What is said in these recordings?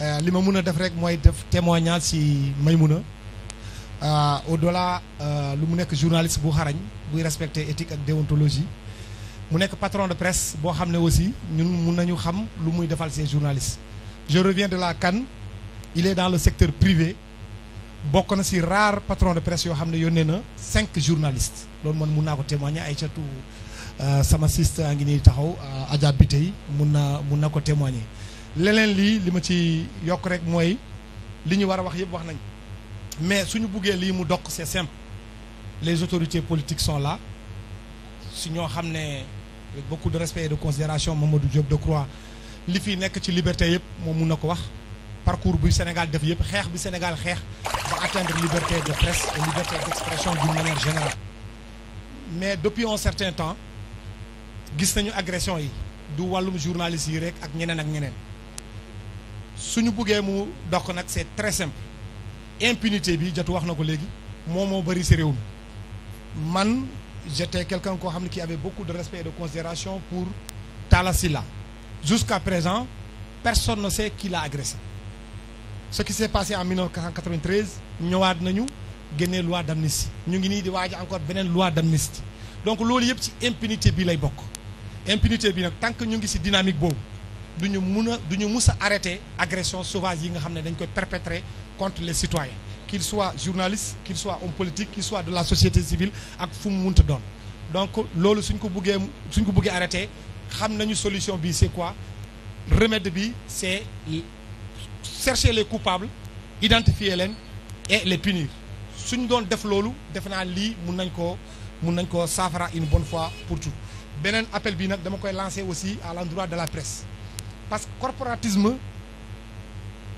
Euh, li ma mun a def rek mooy def témoignage si Maymuna euh, au delà euh, lu mu nekk journaliste bu xarañ buy respecter éthique ak déontologie mu nekk patron de presse boo xam ne aussi ñun mun nañu xam lu muy defal ses journalistes je reviens de la kan il est dans le secteur privé bokk na si rare patron de presse yoo xam ne yónnee na cinq journalistes loolu man mun naa ko témoigner ay catu sama siste a ngi nii taxaw bi tey mun na mun na ko témoigner leneen lii li ma ci yokk rek mooy li ñu war a wax yëpp wax nañ mais suñu buggee lii mu dokk c'est simple les autorités politiques son la si ñoo xam ne avec beaucoup de respect et de considération Mamadou Diop Decroix li fi nekk ci liberté yëpp moom mun na ko wax parcours bu Sénégal def yëpp xeex bi Sénégal xeex ba atteindre liberté de presse et liberté d'expression d'une manière générale mais depuis un certain temps gis nañu agression yi du wàllum journaliste yi rek ak ñeneen ak ñeneen suñu buggee mu dox nag c'est très simple impunité bi jotu wax na ko léegi moom moo bëri si réew mi man j'étais quelqu'un koo xam ne ki avait beaucoup de respect de considération pour Talla la jusqu'à présent personne ne sait qui l'a agressé ce qui s'est passé en 1993 ñëwaat nañu génnee loi d'amnistie ñu ngi nii di waaj encore beneen loi d'amnistie donc loolu yëpp ci impunité bi lay bokk impunité bi nag tant que ñu ngi si dynamique boobu du ñu mun a du ñu mus a arrêter agression sauvage yi nga xam ne dañ koy perpétrer contre les citoyens qu'ils soient journalistes qu'ils soient hommes politiques qu'ils soient de la société civile ak fu mu munta doon donc loolu suñ ko buggee suñ ko buggee arrêter xam nañu solution bi c'est quoi remède bi c'est chercher les coupables identifier leen et les punir suñ doon def loolu def naa lii mun nañ ko mun nañ koo saafara une bonne fois pour tout beneen appel bi nag dama koy lancer aussi à l'endroit de la presse parce que corporatisme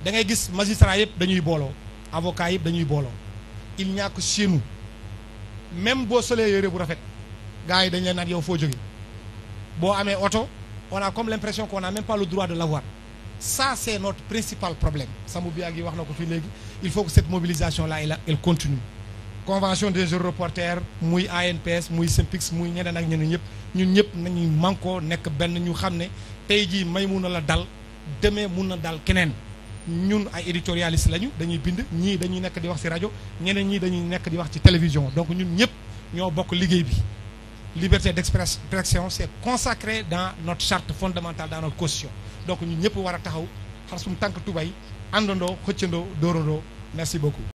da ngay gis magistrat yëpp dañuy booloo avocat yëpp dañuy booloo il n'y a que chez même boo solee yére bu rafet gars yi dañ leen naan yow foo jóge boo amee oto on a comme l'impression qu'on n'a même pas le droit de l'avoir ça c'est notre principal problème Samou Biagi wax na ko fii léegi il faut que cette mobilisation là elle continue convention des jeunes reporters muy ANPS muy SYNPICS muy ñeneen ak ñeneen ñëpp ñun ñëpp nañu mànkoo nekk benn ñu xam ne tey jii may mun na la dal demee mun na dal keneen ñun ay éditorialistes lañu dañuy bind ñii dañuy nekk di wax ci rajo ñeneen ñii dañuy nekk di wax ci télévision donc ñun ñëpp ñoo bokk liggéey bi liberté d'expression c'est consacré dans notre charte fondamentale dans notre constitution donc ñun ñëpp war a taxaw xar suñu tànk tubay àndandoo xëccandoo dóorandoo merci beaucoup